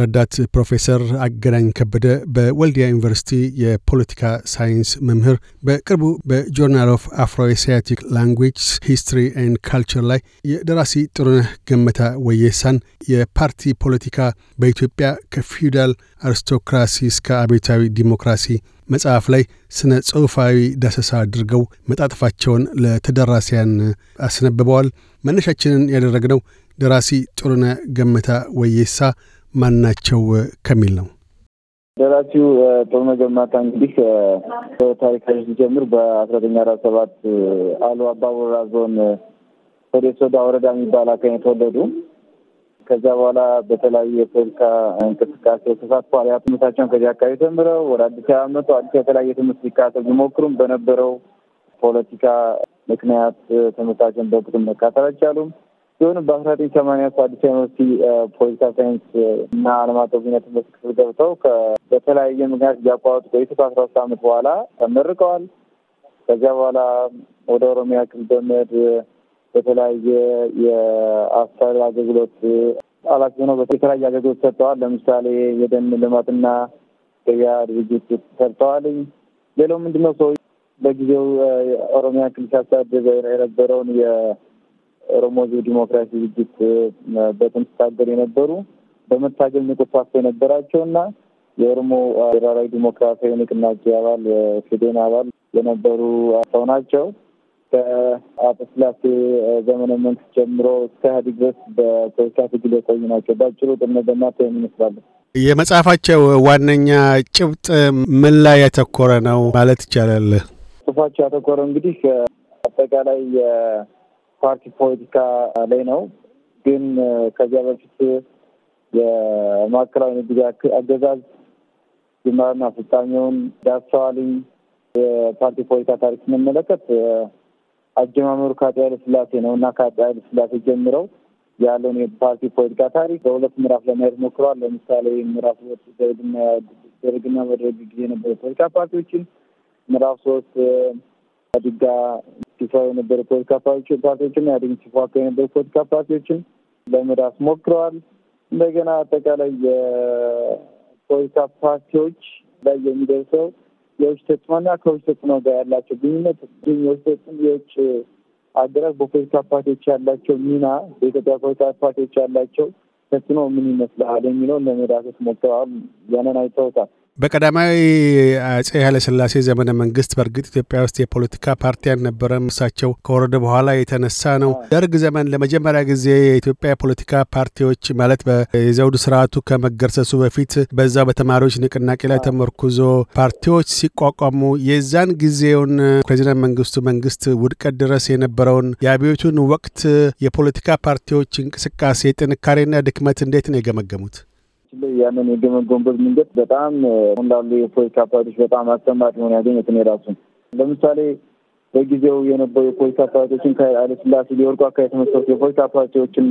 ረዳት ፕሮፌሰር አገናኝ ከበደ በወልዲያ ዩኒቨርሲቲ የፖለቲካ ሳይንስ መምህር በቅርቡ በጆርናል ኦፍ አፍሮ ኤስያቲክ ሂስትሪ ኤንድ ካልቸር ላይ የደራሲ ጥሩነህ ገመታ ወየሳን የፓርቲ ፖለቲካ በኢትዮጵያ ከፊውዳል አሪስቶክራሲ እስከ አቤታዊ ዲሞክራሲ መጽሐፍ ላይ ስነ ጽሑፋዊ ዳሰሳ አድርገው መጣጥፋቸውን ለተደራሲያን አስነብበዋል። መነሻችንን ያደረግነው ደራሲ ጥሩነ ገመታ ወየሳ ማን ናቸው ከሚል ነው። ደራሲው ጦርነ ገማታ እንግዲህ ታሪካዊ ሲጀምር በአስራ ዘጠኝ አራት ሰባት አሉ አባወራ ዞን ሆዴሶዳ ወረዳ የሚባል አካኝ የተወለዱ ከዚያ በኋላ በተለያዩ የፖለቲካ እንቅስቃሴ ተሳትፏል። ያ ትምህርታቸውን ከዚህ አካባቢ ተምረው ወደ አዲስ አበባ መጡ። አዲስ የተለያየ ትምህርት ሊካተል ቢሞክሩም በነበረው ፖለቲካ ምክንያት ትምህርታቸውን በቅጡም መካተል አልቻሉም። ሲሆን በአስራ ዘጠኝ ሰማንያ አዲስ ዩኒቨርሲቲ ፖለቲካ ሳይንስ እና ዓለም አቀፍ ግንኙነት ትምህርት ክፍል ገብተው በተለያየ ምክንያት እያቋረጡ ቆይተው ከአስራ ሁለት ዓመት በኋላ ተመርቀዋል። ከዚያ በኋላ ወደ ኦሮሚያ ክልል በመሄድ በተለያየ የአስተዳደር አገልግሎት ኃላፊ ሆነው የተለያየ አገልግሎት ሰጥተዋል። ለምሳሌ የደን ልማትና ገበያ ድርጅት ሰርተዋል። ሌላው ምንድነው ሰው በጊዜው ኦሮሚያ ክልል ሲያስተዳድር የነበረውን ኦሮሞ ህዝብ ዲሞክራሲ ዝግጅት በጥንት የነበሩ በመታገል ንቁ ተሳትፎ የነበራቸው እና የኦሮሞ ብሔራዊ ዲሞክራሲያዊ ንቅናቄ አባል የፌዴን አባል የነበሩ ሰው ናቸው። ከአቶ ስላሴ ዘመነ መንግስት ጀምሮ እስከ ኢህአዴግ ድረስ በፖለቲካ ትግል የቆዩ ናቸው። በአጭሩ ጥነ ደማታ ይመስላሉ። የመጽሐፋቸው ዋነኛ ጭብጥ ምን ላይ ያተኮረ ነው ማለት ይቻላል? ጽሁፋቸው ያተኮረ እንግዲህ አጠቃላይ ፓርቲ ፖለቲካ ላይ ነው። ግን ከዚያ በፊት የማዕከላዊ ንግድ አገዛዝ ጅምራና ፍጻሜውን ዳሰዋልኝ የፓርቲ ፖለቲካ ታሪክ ስንመለከት አጀማመሩ ከአጤ ኃይለ ሥላሴ ነው እና ከአጤ ኃይለ ሥላሴ ጀምረው ያለውን የፓርቲ ፖለቲካ ታሪክ በሁለት ምዕራፍ ለማየት ሞክረዋል። ለምሳሌ ምዕራፍ ሁለት ደርግና መድረግ ጊዜ የነበሩ ፖለቲካ ፓርቲዎችን፣ ምዕራፍ ሶስት አዲጋ ሲሰራ የነበሩ ፖለቲካ ፓርቲዎችም ኢህአዴግን ሲዋጋ የነበሩ ፖለቲካ ፓርቲዎችን ለመዳስ ሞክረዋል። እንደገና አጠቃላይ የፖለቲካ ፓርቲዎች ላይ የሚደርሰው የውጭ ተጽዕኖና ከውጭ ተጽዕኖ ጋር ያላቸው ግንኙነት ግን የውጭ ተጽዕኖ የውጭ አገራት በፖለቲካ ፓርቲዎች ያላቸው ሚና በኢትዮጵያ ፖለቲካ ፓርቲዎች ያላቸው ተጽዕኖ ምን ይመስላል የሚለውን ለመዳሰስ ሞክረዋል። ያንን አይተውታል። በቀዳማዊ አጼ ኃይለሥላሴ ዘመነ መንግስት በእርግጥ ኢትዮጵያ ውስጥ የፖለቲካ ፓርቲ አልነበረም። እሳቸው ከወረደ በኋላ የተነሳ ነው። ደርግ ዘመን ለመጀመሪያ ጊዜ የኢትዮጵያ የፖለቲካ ፓርቲዎች ማለት የዘውድ ስርዓቱ ከመገርሰሱ በፊት በዛው በተማሪዎች ንቅናቄ ላይ ተመርኩዞ ፓርቲዎች ሲቋቋሙ የዛን ጊዜውን ፕሬዚዳንት መንግስቱ መንግስት ውድቀት ድረስ የነበረውን የአብዮቱን ወቅት የፖለቲካ ፓርቲዎች እንቅስቃሴ ጥንካሬና ድክመት እንዴት ነው የገመገሙት? በነገራችን ላይ ያንን የገመገሙበት መንገድ በጣም አሁን ላሉ የፖለቲካ ፓርቲዎች በጣም አስተማሪ ሆነ ያገኘትን የራሱን ለምሳሌ በጊዜው የነበሩ የፖለቲካ ፓርቲዎችን ከአለስላሴ ሊወርቁ አካባቢ የተመሰረቱ የፖለቲካ ፓርቲዎችን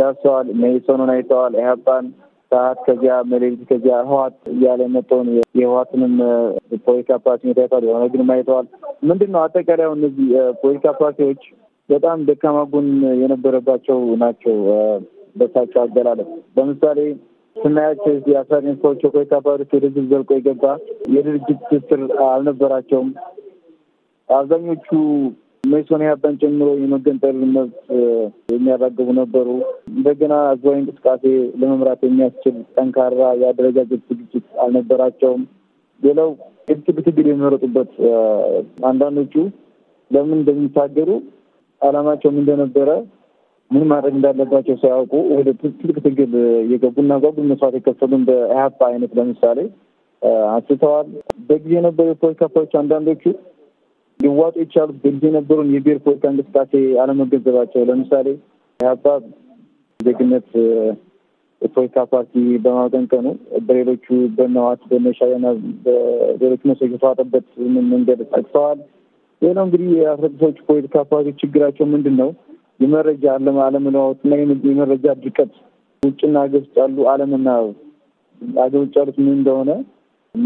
ዳሰዋል። መኢሶንን አይተዋል። ኢህአፓን ሰዓት ከዚያ መሌሊት ከዚያ ህዋት እያለ የመጣውን የህዋትንም ፖለቲካ ፓርቲ አይተዋል። የሆነ ግን አይተዋል። ምንድን ነው አጠቃላይ እነዚህ ፖለቲካ ፓርቲዎች በጣም ደካማ ጎን የነበረባቸው ናቸው። በሳቸው አገላለጽ ለምሳሌ ስናያቸው የአስራዘጠኝ ሰዎች የኮይታ ፓይረስ ወደዚህ ዘልቆ የገባ የድርጅት ትስስር አልነበራቸውም። አብዛኞቹ ሜሶን ጨምሮ የመገንጠል መብት የሚያራግቡ ነበሩ። እንደገና ህዝባዊ እንቅስቃሴ ለመምራት የሚያስችል ጠንካራ የአደረጃጀት ዝግጅት አልነበራቸውም። ሌላው የትጥቅ ትግል የሚመረጡበት አንዳንዶቹ ለምን እንደሚታገሩ አላማቸውም እንደነበረ ምን ማድረግ እንዳለባቸው ሳያውቁ ወደ ትልቅ ትግል የገቡና ጓጉ መስዋዕት የከፈሉን በኢህአፓ አይነት ለምሳሌ አንስተዋል። በጊዜ የነበሩ የፖለቲካ ፓርቲዎች አንዳንዶቹ ሊዋጡ የቻሉት በጊዜ የነበሩን የብሔር ፖለቲካ እንቅስቃሴ አለመገንዘባቸው፣ ለምሳሌ ኢህአፓ ዜግነት የፖለቲካ ፓርቲ በማቀንቀኑ በሌሎቹ በነዋት በነሻና በሌሎቹ መሰች የተዋጠበት መንገድ ጠቅሰዋል። ሌላው እንግዲህ የአስረግሰዎች ፖለቲካ ፓርቲ ችግራቸው ምንድን ነው? የመረጃ አለመለዋወጥና የመረጃ ድርቀት ውጭና ሀገር ውስጥ ያሉ አለመናበብ ሀገር ውጭ ያሉት ምን እንደሆነ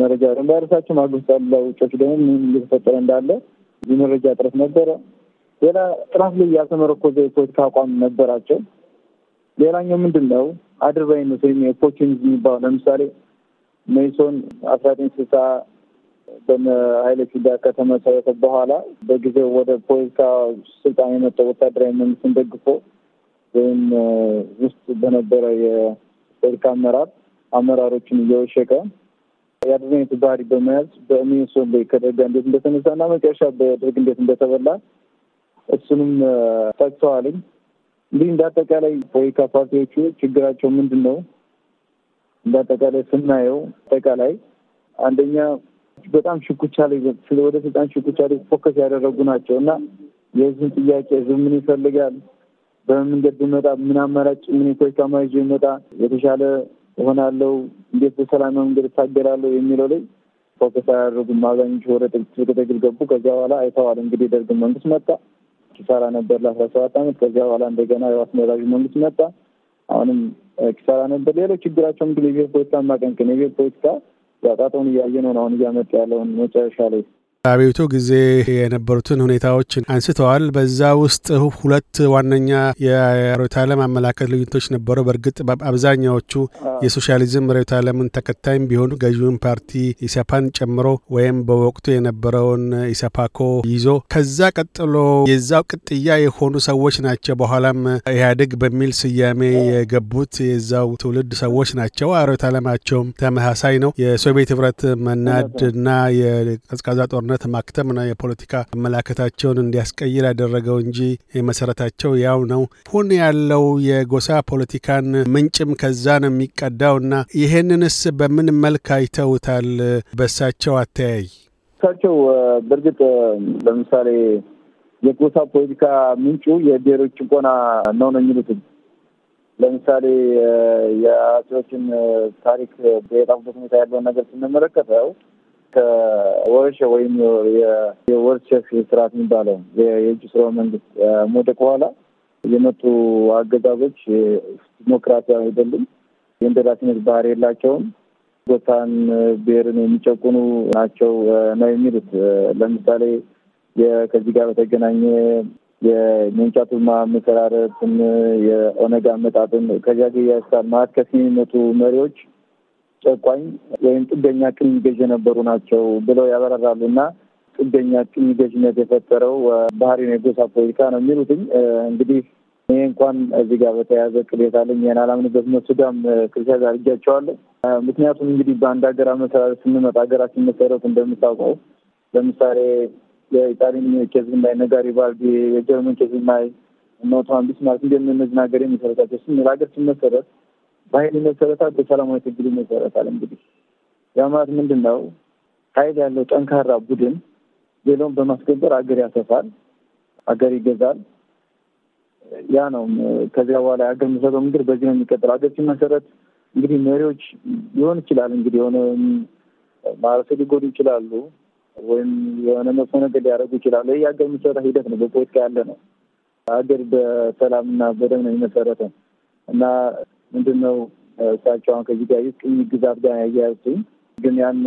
መረጃ በራሳቸው ሀገር ውስጥ ያሉ ውጮች ደግሞ ምን እየተፈጠረ እንዳለ የመረጃ እጥረት ነበረ። ሌላ ጥራት ላይ ያልተመረኮዘ የፖለቲካ አቋም ነበራቸው። ሌላኛው ምንድን ነው አድርባይነት ወይም ኦፖርቹኒዝም የሚባለው ለምሳሌ ሜይሶን አስራ ዘጠኝ ስልሳ በኃይለ ፊዳ ከተመሰረተ በኋላ በጊዜው ወደ ፖለቲካ ስልጣን የመጣው ወታደራዊ መንግስትን ደግፎ ወይም ውስጥ በነበረ የፖለቲካ አመራር አመራሮችን እየወሸቀ የአድርኔት ባህሪ በመያዝ በሚኒሶ ላይ ከደርጋ እንዴት እንደተነሳ እና መጨረሻ በደርግ እንዴት እንደተበላ እሱንም ጠቅሰዋልኝ። እንዲህ እንዳጠቃላይ ፖለቲካ ፓርቲዎቹ ችግራቸው ምንድን ነው? እንዳጠቃላይ ስናየው አጠቃላይ አንደኛ በጣም ሽኩቻ ላይ ወደ ስልጣን ሽኩቻ ላይ ፎከስ ያደረጉ ናቸው እና የህዝብን ጥያቄ ህዝብ ምን ይፈልጋል፣ በምን መንገድ ብመጣ ምን አማራጭ ምን የፖለቲካ ማይዞ ይመጣ የተሻለ እሆናለሁ፣ እንዴት በሰላም መንገድ እታገላለሁ የሚለው ላይ ፎከስ አያደርጉም። አብዛኞቹ ወደ ትግል ገቡ። ከዚያ በኋላ አይተዋል እንግዲህ ደርግ መንግስት መጣ። ኪሳራ ነበር ለአስራ ሰባት አመት። ከዚያ በኋላ እንደገና የዋስ መራዥ መንግስት መጣ። አሁንም ኪሳራ ነበር። ሌሎች ችግራቸው እንግዲህ የብሔር ፖለቲካ ማቀንቀን የብሔር ፖለቲካ ጫጫታውን እያየ ነው አሁን እያመጣ ያለውን መጨረሻ ላይ አብዮቱ ጊዜ የነበሩትን ሁኔታዎች አንስተዋል። በዛ ውስጥ ሁለት ዋነኛ የርዕዮተ ዓለም አመላከት ልዩነቶች ነበሩ። በእርግጥ አብዛኛዎቹ የሶሻሊዝም ርዕዮተ ዓለምን ተከታይም ቢሆኑ ገዢውን ፓርቲ ኢሰፓን ጨምሮ ወይም በወቅቱ የነበረውን ኢሰፓኮ ይዞ ከዛ ቀጥሎ የዛው ቅጥያ የሆኑ ሰዎች ናቸው። በኋላም ኢህአዴግ በሚል ስያሜ የገቡት የዛው ትውልድ ሰዎች ናቸው። አሮት ዓለማቸውም ተመሳሳይ ነው። የሶቪየት ህብረት መናድ እና የቀዝቃዛ ጦርነት እውነት ማክተም ነው የፖለቲካ አመላከታቸውን እንዲያስቀይር ያደረገው እንጂ መሰረታቸው ያው ነው። ሁን ያለው የጎሳ ፖለቲካን ምንጭም ከዛ ነው የሚቀዳው እና ይህንንስ በምን መልክ አይተውታል? በሳቸው አተያይ እሳቸው በእርግጥ ለምሳሌ የጎሳ ፖለቲካ ምንጩ የብሔሮች ጭቆና ነው ነው የሚሉትም ለምሳሌ የአጼዎችን ታሪክ የጣፉበት ሁኔታ ያለውን ነገር ስንመለከተው ከወርሸ ወይም የወርሸፍ ስርዓት የሚባለው የእጅ ስራ መንግስት መውደቅ በኋላ የመጡ አገዛዞች ዲሞክራሲያዊ አይደሉም። የእንደራሴነት ባህር የላቸውም። ጎሳን፣ ብሔርን የሚጨቁኑ ናቸው ነው የሚሉት። ለምሳሌ ከዚህ ጋር በተገናኘ የመንጫቱን መሰራረትን የኦነግ አመጣጥን ከዚያ ጊዜ ያስታል ማከስ የሚመጡ መሪዎች ጨቋኝ ወይም ጥገኛ ቅኝ ገዥ የነበሩ ናቸው ብለው ያበረራሉ እና ጥገኛ ቅኝ ገዥነት የፈጠረው ባህሪ ነው የጎሳ ፖለቲካ ነው የሚሉትኝ እንግዲህ ይሄ እንኳን እዚህ ጋር በተያያዘ ቅሬታ አለኝ። ይህን አላምንበት ሱዳም ክርስቲያን አድርጊያቸዋለሁ። ምክንያቱም እንግዲህ በአንድ ሀገር አመሰራረት ስንመጣ ሀገራችን መሰረት እንደምታውቀው ለምሳሌ የኢጣሊን ኬዝ ብናይ፣ እነ ጋሪባልዲ የጀርመን ኬዝ ብናይ፣ እነ ኦቶማን ቢስማርክ እንደምንዝን ሀገር የሚሰረታቸው ስንል ሀገር ሲመሰረት በኃይል ይመሰረታል፣ በሰላማዊ ትግል ይመሰረታል። እንግዲህ ያ ማለት ምንድን ነው? ኃይል ያለው ጠንካራ ቡድን ሌላውን በማስገበር አገር ያሰፋል፣ አገር ይገዛል። ያ ነው። ከዚያ በኋላ አገር መሰረው እንግዲህ በዚህ ነው የሚቀጥለው። አገር ሲመሰረት እንግዲህ መሪዎች ሊሆን ይችላል እንግዲህ የሆነ ማህበረሰብ ሊጎዱ ይችላሉ፣ ወይም የሆነ መጥፎ ነገር ሊያደርጉ ይችላሉ። ይህ የአገር ምስረታ ሂደት ነው፣ በፖለቲካ ያለ ነው። አገር በሰላምና በደም ነው የሚመሰረተው እና ምንድን ነው እሳቸው አሁን ከዚህ ጋር ቅኝ ግዛት ጋር ያያያዙኝ ግን ያን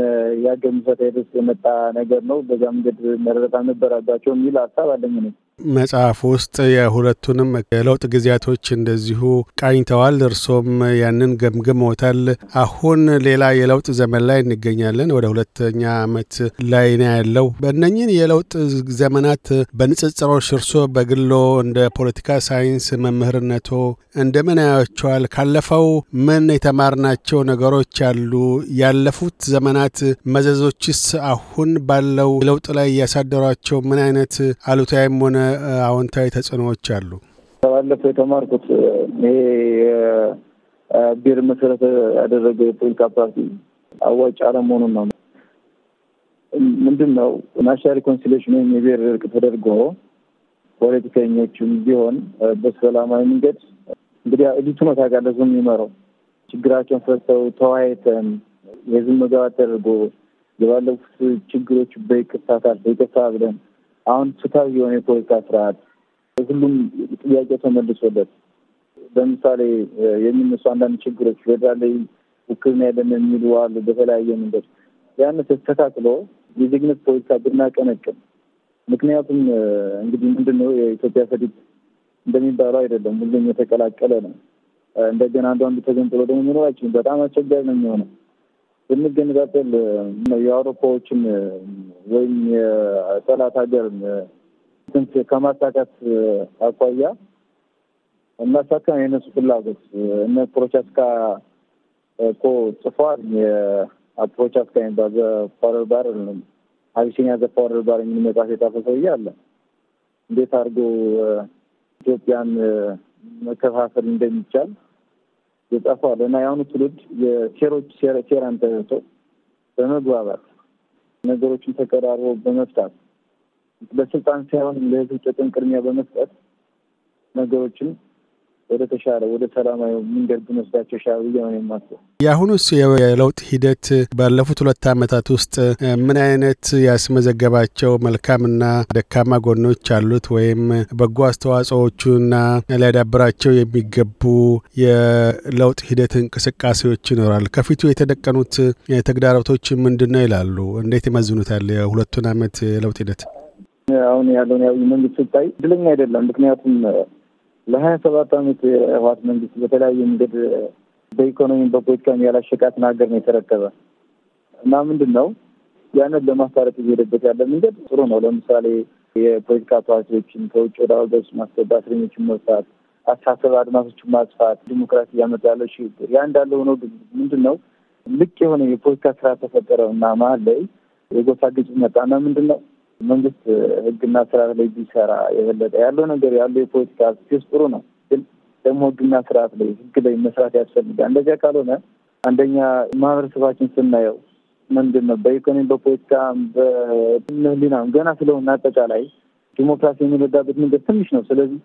ያገኙ ምስረታ የመጣ ነገር ነው። በዛ መንገድ መረዳት አልነበረባቸውም የሚል ሀሳብ አለኝ ነው። መጽሐፍ ውስጥ የሁለቱንም የለውጥ ጊዜያቶች እንደዚሁ ቃኝተዋል። እርሶም ያንን ገምግመውታል። አሁን ሌላ የለውጥ ዘመን ላይ እንገኛለን። ወደ ሁለተኛ ዓመት ላይ ነው ያለው። በእነኝን የለውጥ ዘመናት በንጽጽሮች እርሶ በግሎ እንደ ፖለቲካ ሳይንስ መምህርነቶ እንደምን ያያቸዋል? ካለፈው ምን የተማርናቸው ነገሮች አሉ? ያለፉት ዘመናት መዘዞችስ አሁን ባለው ለውጥ ላይ እያሳደሯቸው ምን አይነት አሉታዊም ሆነ አዎንታዊ ተጽዕኖዎች አሉ። ባለፈው የተማርኩት ይሄ የብሔር መሰረት ያደረገ የፖለቲካ ፓርቲ አዋጭ አለመሆኑን ነው። ምንድን ነው ናሽናል ሪኮንሲሌሽን ወይም የብሔር እርቅ ተደርጎ ፖለቲከኞችም ቢሆን በሰላማዊ መንገድ እንግዲህ እዲቱ ነው ታውቃለህ፣ ህዝቡ የሚመራው ችግራቸውን ፈተው ተወያይተን የህዝብ መግባባት ተደርጎ የባለፉት ችግሮች በይቅርታ ይቅርታ ብለን አሁን ፍትሐዊ የሆነ የፖለቲካ ስርዓት ሁሉም ጥያቄ ተመልሶለት ለምሳሌ የሚነሱ አንዳንድ ችግሮች ፌዴራል ውክልና የለም የሚሉ አሉ። በተለያየ መንገድ ያን ተስተካክሎ የዜግነት ፖለቲካ ብናቀነቅን። ምክንያቱም እንግዲህ ምንድነው የኢትዮጵያ ፈዲት እንደሚባለው አይደለም፣ ሁሉም የተቀላቀለ ነው። እንደገና አንዱ አንዱ ተገንጥሎ ደግሞ መኖር በጣም አስቸጋሪ ነው የሚሆነው። ብንገነጣጠል የአውሮፓዎችን ወይም የጠላት ሀገር ስንት ከማሳካት አኳያ እናሳካ የነሱ ፍላጎት እነ ፕሮቻስካ እኮ ጽፏል። የፕሮቻስካ የሚባል ዘፎረር ባር አቢሲኒያ ዘፎረር ባር የሚል መጽሐፍ የጻፈ ሰውዬ አለ። እንዴት አድርጎ ኢትዮጵያን መከፋፈል እንደሚቻል የጠፋው እና የአሁኑ ትውልድ የሴሮች ሴራን ተረቶ በመግባባት ነገሮችን ተቀራርቦ በመፍታት ለስልጣን ሳይሆን ለህዝብ ጥቅም ቅድሚያ በመስጠት ነገሮችን ወደ ተሻለ ወደ ሰላማዊ መንገድ ብንወስዳቸው ሻ ብዬ ነው የማስበው። የአሁኑስ የለውጥ ሂደት ባለፉት ሁለት ዓመታት ውስጥ ምን አይነት ያስመዘገባቸው መልካምና ደካማ ጎኖች አሉት? ወይም በጎ አስተዋጽኦዎቹና ሊያዳብራቸው የሚገቡ የለውጥ ሂደት እንቅስቃሴዎች ይኖራል። ከፊቱ የተደቀኑት ተግዳሮቶች ምንድን ነው ይላሉ? እንዴት ይመዝኑታል? የሁለቱን ዓመት የለውጥ ሂደት አሁን ያለውን መንግስት ስታይ ድለኛ አይደለም። ምክንያቱም ለሀያ ሰባት አመት የህወሓት መንግስት በተለያየ መንገድ በኢኮኖሚ በፖለቲካም ያላሸቃትን ሀገር ነው የተረከበ እና ምንድን ነው ያንን ለማስታረቅ እየሄደበት ያለ መንገድ ጥሩ ነው። ለምሳሌ የፖለቲካ ፓርቲዎችን ከውጭ ወደ አገሮች ማስገባት፣ እስረኞችን መፍታት፣ አስተሳሰብ አድማሶችን ማጥፋት ዲሞክራሲ እያመጣ ያለው ሽግግር ያ እንዳለ ሆኖ ምንድን ነው ልቅ የሆነ የፖለቲካ ስራ ተፈጠረ እና መሀል ላይ የጎሳ ግጭት መጣና ምንድን ነው መንግስት ህግና ስርዓት ላይ ቢሰራ የበለጠ ያለው ነገር ያለው የፖለቲካ አክቲስ ጥሩ ነው፣ ግን ደግሞ ህግና ስርዓት ላይ ህግ ላይ መስራት ያስፈልጋል። እንደዚያ ካልሆነ አንደኛ ማህበረሰባችን ስናየው ምንድን ነው በኢኮኖሚ በፖለቲካ በህሊናም ገና ስለሆነ አጠቃላይ ዲሞክራሲ የሚረዳበት መንገድ ትንሽ ነው። ስለዚህ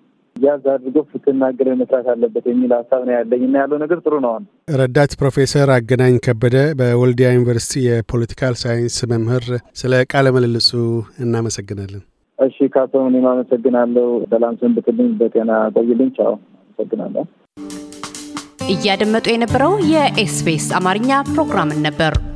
ያዝ አድርጎ ፍትህና አገር መስራት አለበት የሚል ሀሳብ ነው ያለኝ እና ያለው ነገር ጥሩ ነው። ረዳት ፕሮፌሰር አገናኝ ከበደ በወልዲያ ዩኒቨርሲቲ የፖለቲካል ሳይንስ መምህር፣ ስለ ቃለ ምልልሱ እናመሰግናለን። እሺ ካቶ፣ እኔም አመሰግናለሁ። ሰላም ሰንብትልኝ፣ በጤና ቆይልኝ። ቻው፣ አመሰግናለሁ። እያደመጡ የነበረው የኤስቢኤስ አማርኛ ፕሮግራምን ነበር።